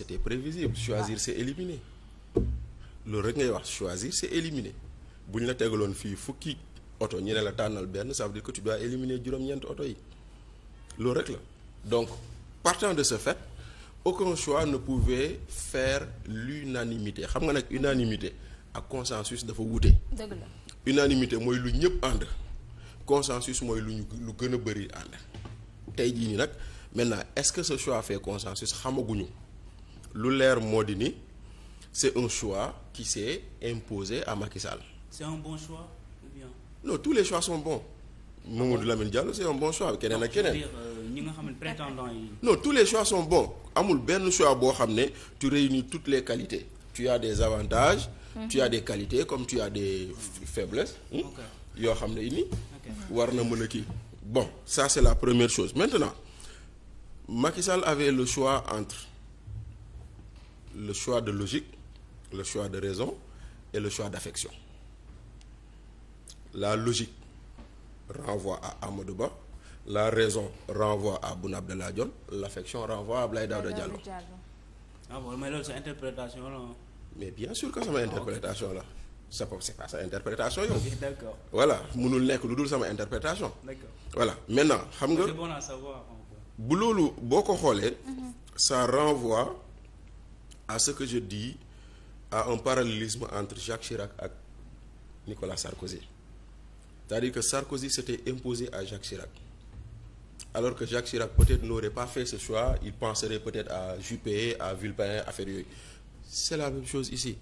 c'était prévisible ah. choisir c'est éliminer loolu rek ngay wax choisir c'est éliminer bu ñu la tegaloon fii fukki oto ñu ne la tànnal benn ça veut dire que tu dois éliminer juróom-ñeenti oto yi loolu rek la donc partant de ce fait aucun choix ne pouvait faire l'unanimité xam nga nag unanimité ak consensus dafa wuute dëgg unanimité mooy lu ñëpp ànd consensus mooy lu ñu lu gën a bëri ànd tey jii nii nag maintenant est-ce que ce choix fait consensus xamaguñu lu leer moo di ni c'est un choix qui s'est imposé à Macky Sall. c'est un bon choix ou bien. non tous les choix sont bons. Mamadou ah Lamine Diallo c'est un bon choix keneen ak keneen. Euh, ñi nga xam ne prétendant yi. non tous les choix sont bons amul benn choix boo xam ne tu réunis toutes les qualités. tu as des avantages. Mm tu as des qualités comme tu as des faiblesses. Hmm, yoo xam ne ni war na mën a kii. bon ça c'est la première chose maintenant makisal Sall le choix entre. le choix de logique le choix de raison et le choix d'affection la logique renvoie à Amadou Ba la raison renvoie à Boun Abdallah Dionne l'affection renvoie à Abdoulaye Daouda Diallo ah bon mais la. mais bien sur que sama interprétation la. sa bopp c'est pas sa interprétation yow. d'accord voilà nekk lu dul sama interprétation. d'accord voilà maintenant xam nga. c'est bon bu loolu boo ko xoolee. Mhm. ça renvoie. à ce que je dis à un parallélisme entre Jacques Chirac ak Nicolas Sarkozy c'est-à-dire que Sarkozy s'était imposé à Jacques Chirac alors que Jacques Chirac peut-être n'aurait pas fait ce choix il penserait peut-être à Juppé à Villepin affaire yooyu c'est la même chose ici